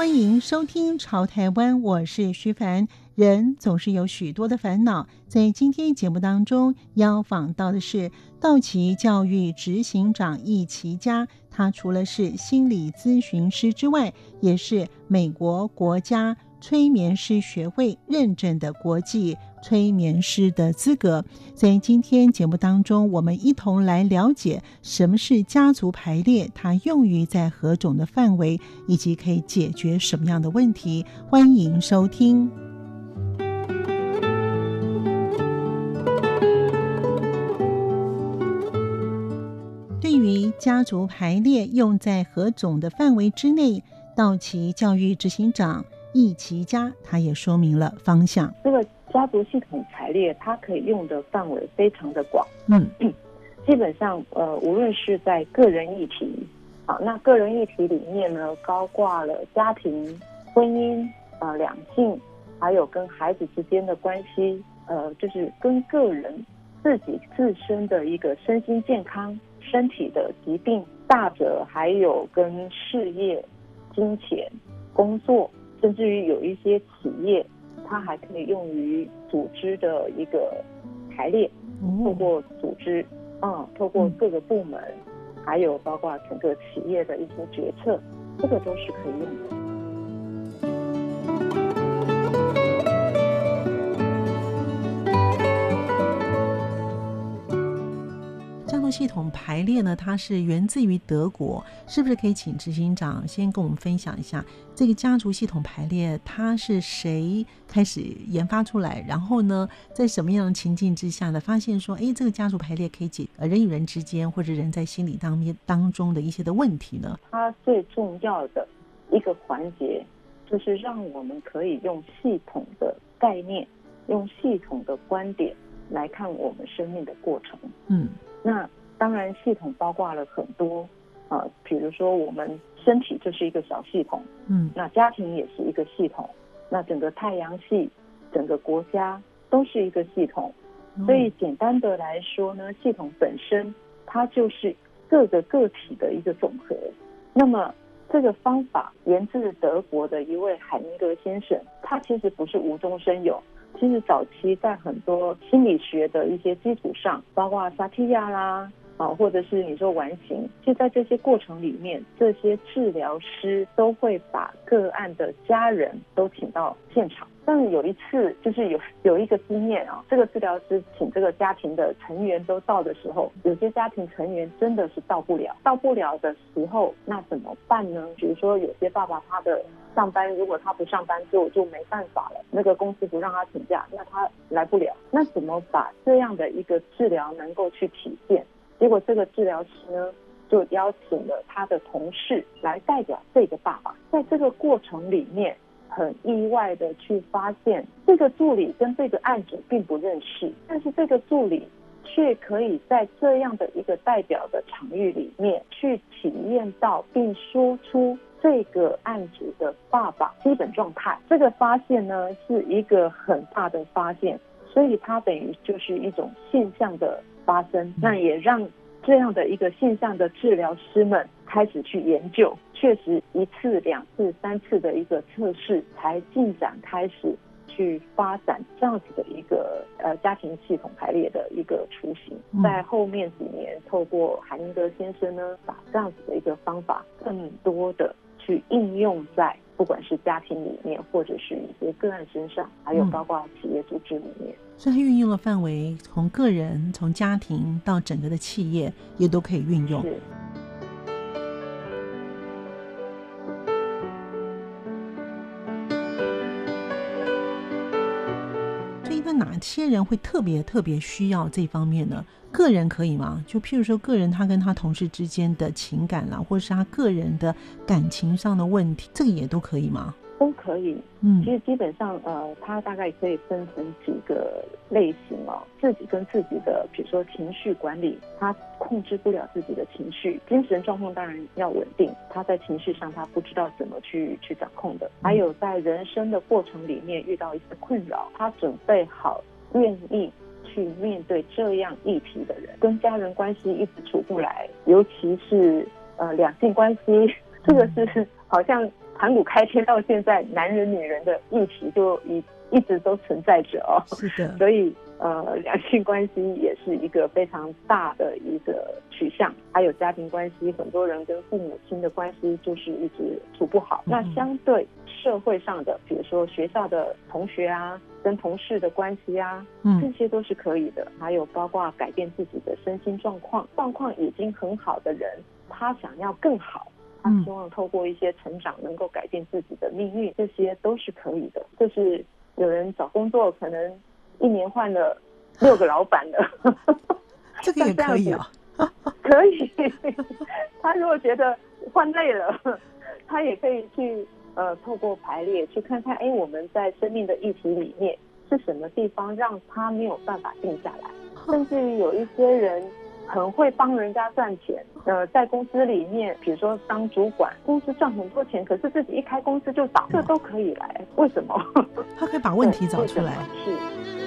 歡迎收聽《朝台灣》，我是徐凡。人總是有許多的煩惱，在今天節目當中要訪到的是道石教育執行長易綺嘉，他除了是心理諮詢師之外，也是美國國家。催眠師學會認證的國際催眠師的資格，在今天節目當中，我們一同來了解什麼是家族排列，它用於在何種的範圍，以及可以解決什麼樣的問題。歡迎收聽。對於家族排列用在何種的範圍之內，道石教育執行長。易綺嘉，它也說明了方向。這個家族系統排列，它可以用的範圍非常的廣。嗯，基本上，呃，無論是在個人議題，啊，那個人議題裡面呢，高掛了家庭、婚姻、啊、呃，兩性，還有跟孩子之間的關係，呃，就是跟個人自己自身的一個身心健康、身體的疾病、大者還有跟事業、金錢、工作。甚至於有一些企業，它還可以用於組織的一個排列，嗯，透過組織，嗯，透過各個部門，還有包括整個企業的一些決策，這個都是可以用的。系統排列呢，它是源自於德國，是不是可以請執行長先跟我們分享一下這個家族系統排列，它是誰開始研發出來？然後呢，在什麼樣的情境之下呢，發現說，哎，這個家族排列可以解呃，人與人之間，或者人在心理當面當中的一些的問題呢？它最重要的一個環節，就是讓我們可以用系統的概念，用系統的觀點來看我們生命的過程。嗯，那。當然，系統包括了很多啊，比如說我們身體就是一個小系統，嗯，那家庭也是一個系統，那整個太陽系、整個國家都是一個系統。嗯、所以簡單的來說呢，系統本身它就是各個個體的一個總和。那麼這個方法源自德國的一位海靈格先生，他其實不是無中生有，其實早期在很多心理學的一些基礎上，包括薩提亞啦。啊，或者是你說完形，就在這些過程裡面，這些治療師都會把個案的家人都請到現場。但是有一次，就是有有一個經驗啊，這個治療師請這個家庭的成員都到的時候，有些家庭成員真的是到不了。到不了的時候，那怎麼辦呢？比如說有些爸爸他的上班，如果他不上班，就就沒辦法了。那個公司不讓他請假，那他來不了。那怎麼把這樣的一個治療能夠去體現？結果，這個治療師呢，就邀請了他的同事來代表這個爸爸。在這個過程裡面，很意外的去發現，這個助理跟這個案主並不認識，但是這個助理卻可以在這樣的一個代表的場域裡面，去體驗到並說出這個案主的爸爸基本狀態。這個發現呢，是一個很大的發現，所以它等於就是一種現象的。發生，那也讓這樣的一個現象的治療師們開始去研究，確實一次、兩次、三次的一個測試才進展，開始去發展這樣子的一個呃家庭系統排列的一個雛形。在後面幾年，透過海靈格先生呢，把這樣子的一個方法更多的去應用在，不管是家庭裡面，或者是一些個案身上，還有包括企業組織裡面，嗯、所以它運用的範圍從個人、從家庭到整個的企業也都可以運用。那哪些人會特別特別需要這方面呢？個人可以嗎？就譬如說，個人他跟他同事之間的情感啦，或者是他個人的感情上的問題，這個也都可以嗎？都可以。嗯，其實基本上，呃，他大概可以分成幾個類型哦。自己跟自己的，比如說情緒管理，他控制不了自己的情緒，精神狀況當然要穩定。他在情緒上，他不知道怎麼去去掌控的。還有在人生的過程裡面遇到一些困擾，他準備好願意去面對這樣議題的人，跟家人關係一直處不來，對尤其是呃兩性關係，這個是好像盤古開天到現在，男人女人的議題就一一直都存在着哦。是的，所以。呃，兩性關係也是一個非常大的一個取向，還有家庭關係，很多人跟父母親的關係就是一直處不好。嗯、那相對社會上的，比如說學校的同學啊，跟同事的關係啊，嗯、這些都是可以的。還有包括改變自己的身心狀況，狀況已經很好的人，他想要更好，他希望透過一些成長能夠改變自己的命運，這些都是可以的。就是有人找工作可能。一年換了六個老闆了，這個也可以啊， 可以。 他如果覺得換累了，他也可以去呃，透過排列去看看，哎、欸，我們在生命的議題裡面是什麼地方讓他沒有辦法定下來？甚至於有一些人很會幫人家賺錢，呃，在公司裡面，比如說當主管，公司賺很多錢，可是自己一開公司就倒，這都可以來。為什麼、哦？他可以把問題找出來。是。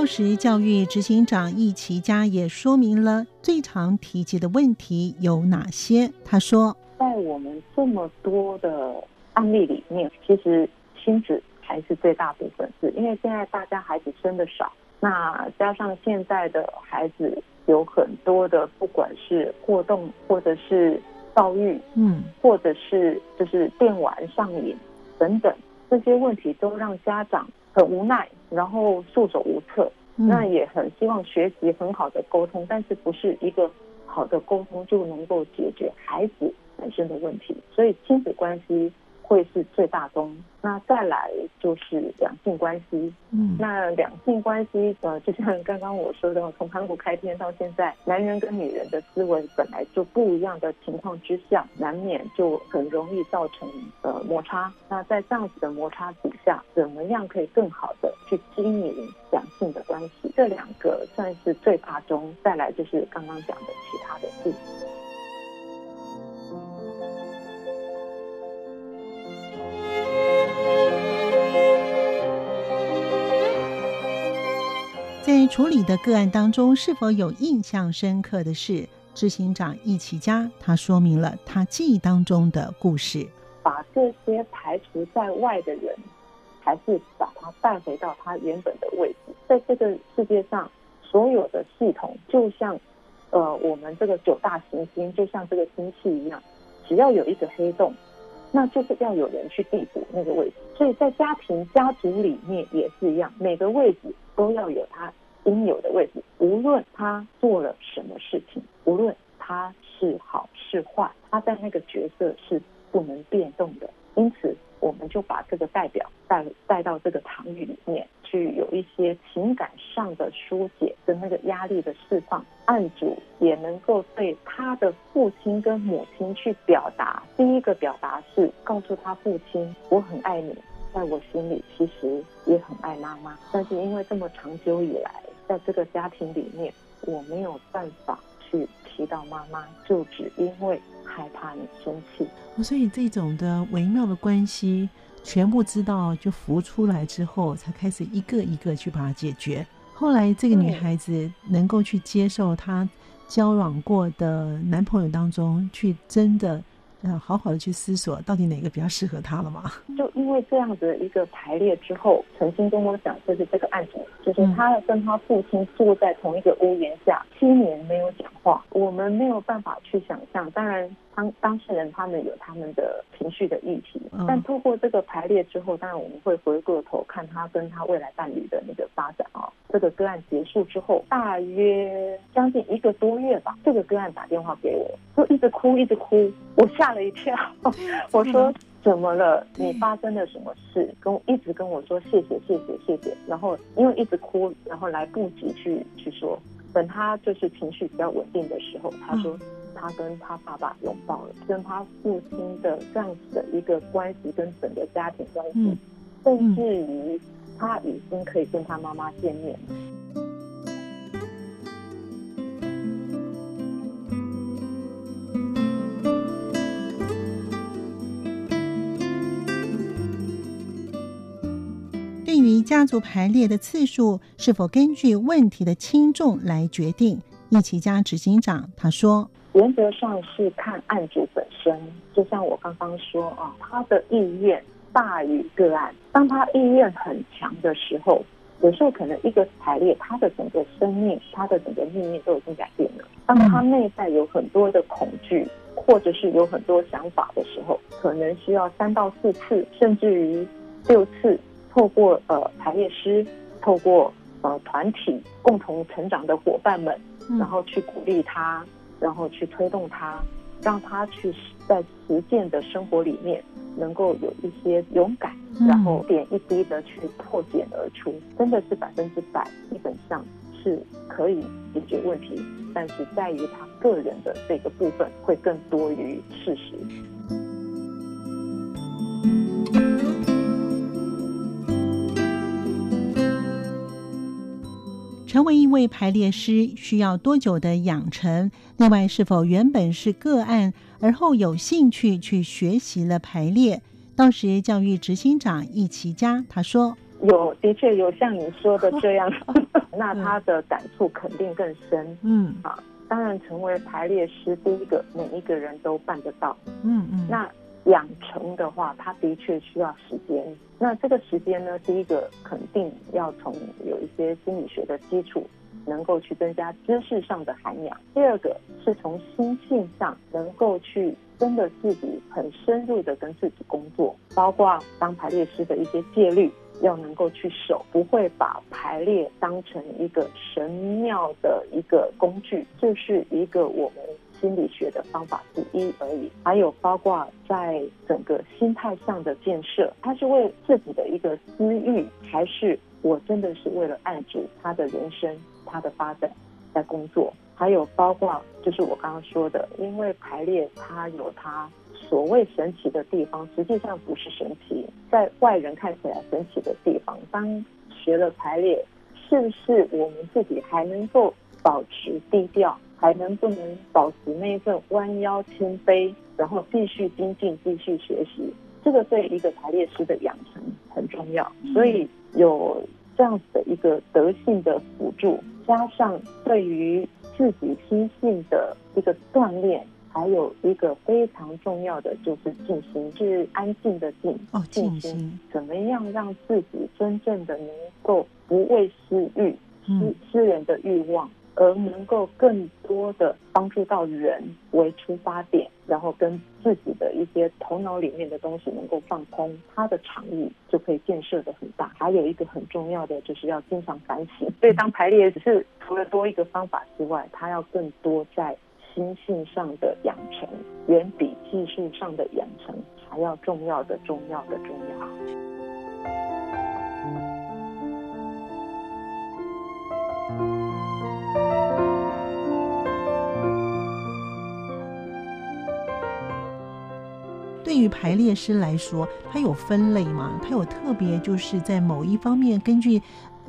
道石教育執行長易綺嘉，也說明了最常提及的問題有哪些。他說，嗯，在我們這麼多的案例裡面，其實親子還是最大部分是，是因為現在大家孩子生的少，那加上現在的孩子有很多的，不管是過動，或者是躁鬱，嗯，或者是就是電玩上癮等等，這些問題都讓家長很無奈，然後束手無策，嗯、那也很希望學習很好的溝通，但是不是一個好的溝通就能夠解決孩子本身的問題，所以親子關係。會是最大宗，那再來就是兩性關係。嗯，那兩性關係，呃，就像剛剛我說的，從盤古開天到現在，男人跟女人的思維本來就不一樣的情況之下，難免就很容易造成呃摩擦。那在這樣子的摩擦底下，怎麼樣可以更好的去經營兩性的關係？這兩個算是最大宗，再來就是剛剛講的其他的事情在處理的個案當中，是否有印象深刻的事？執行長易綺嘉，他說明了他記憶當中的故事。把這些排除在外的人，還是把他帶回到他原本的位置。在這個世界上，所有的系統就像，呃，我們這個九大行星就像這個星系一樣，只要有一個黑洞。那就是要有人去遞補那個位置，所以在家庭、家族裡面也是一樣，每個位置都要有他應有的位置，無論他做了什麼事情，無論他是好是壞，他在那個角色是不能變動的，因此。我們就把這個代表帶帶到這個場域裡面去，有一些情感上的疏解跟那個壓力的釋放。案主也能夠對他的父親跟母親去表達，第一個表達是告訴他父親，我很愛你，在我心裡其實也很愛媽媽，但是因為這麼長久以來，在這個家庭裡面，我沒有辦法。去提到媽媽，就只因為害怕你生氣，所以這種的微妙的關係全部知道就浮出來之後，才開始一個一個去把它解決。後來這個女孩子能夠去接受她交往過的男朋友當中，去真的。嗯、好好的去思索，到底哪個比較適合他了嘛？就因為這樣子的一個排列之後，曾經跟我講，就是這個案子，就是他跟他父親住在同一個屋檐下七年沒有講話，我們沒有辦法去想象，當然。當當事人他們有他們的情緒的議題，嗯、但透過這個排列之後，當然我們會回過頭看他跟他未來伴侶的那個發展啊、哦。這個個案結束之後，大約將近一個多月吧，這個個案打電話給我，就一直哭，一直哭，我嚇了一跳。 我說：“嗯、怎麼了？你發生了什麼事？”跟一直跟我說謝謝謝謝謝謝，然後因為一直哭，然後來不及去去說，等他就是情緒比較穩定的時候，嗯、他說。他跟他爸爸擁抱了，跟他父親的這樣子的一個關係，跟整個家庭關係，甚至、嗯嗯、於他已經可以跟他媽媽見面。對於家族排列的次數是否根據問題的輕重來決定，易綺嘉執行長他說。原則上是看案主本身，就像我剛剛說啊、哦，他的意願大於個案。當他意願很強的時候，有時候可能一個排列，他的整個生命、他的整個命運都已經改變了。當他內在有很多的恐懼，或者是有很多想法的時候，可能需要三到四次，甚至於六次，透過呃排列師，透過呃團體共同成長的夥伴們，然後去鼓勵他。然後去推動他，讓他去在實踐的生活裡面能夠有一些勇敢，然後一點一滴的去破繭而出，真的是百分之百，基本上是可以解決問題。但是在於他個人的這個部分會更多於事實。成為一位排列師需要多久的養成？另外，是否原本是個案，而後有興趣去學習了排列？道石教育執行長易綺嘉他說：“有，的確有像你說的這樣， 那他的感觸肯定更深。嗯，啊，當然成為排列師，第一個每一個人都辦得到。嗯嗯，嗯那。”養成的話，它的確需要時間。那這個時間呢，第一個肯定要從有一些心理學的基礎，能夠去增加知識上的涵養；第二個是從心性上，能夠去真的自己很深入的跟自己工作，包括當排列師的一些戒律，要能夠去守，不會把排列當成一個神廟的一個工具，這、就是一個我們。心理學的方法之一而已，還有包括在整個心態上的建設，他是為自己的一個私欲，還是我真的是為了案主他的人生、他的發展在工作？還有包括就是我剛剛說的，因為排列它有它所謂神奇的地方，實際上不是神奇，在外人看起來神奇的地方，當學了排列，是不是我們自己還能夠保持低調？還能不能保持那一份彎腰謙卑，然後繼續精進，繼續學習？這個對一個排列師的養成很重要。嗯、所以有這樣子的一個德性的輔助，加上對於自己心性的一個鍛鍊，還有一個非常重要的就是靜心，就是安靜的靜。哦、靜心靜心，怎麼樣讓自己真正的能夠不為私欲、私私、嗯、人的欲望？而能夠更多的幫助到人為出發點，然後跟自己的一些頭腦裡面的東西能夠放空，他的場域就可以建設的很大。還有一個很重要的，就是要經常反省。所以當排列只是除了多一個方法之外，他要更多在心性上的養成，遠比技術上的養成還要重要的重要的重要。對於排列師來說，他有分類嗎？他有特別就是在某一方面根據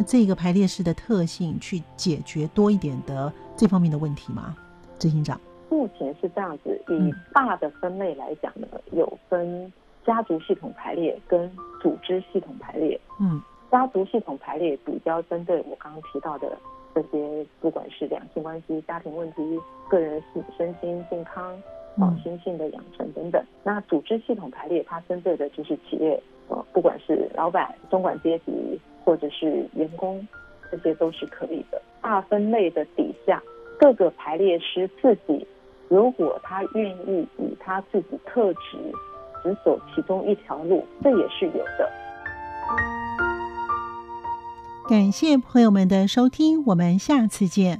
這個排列師的特性去解決多一點的這方面的問題嗎？執行長，目前是這樣子，以大的分類來講呢，嗯、有分家族系統排列跟組織系統排列。嗯，家族系統排列比較針對我剛剛提到的這些，不管是兩性關係、家庭問題、個人身身心健康，創新性的養成等等，那組織系統排列，它針對的就是企業，呃，不管是老板、中管階級或者是員工，這些都是可以的。大分類的底下，各個排列師自己，如果他願意以他自己特質，只走其中一條路，這也是有的。感謝朋友們的收聽，我們下次見。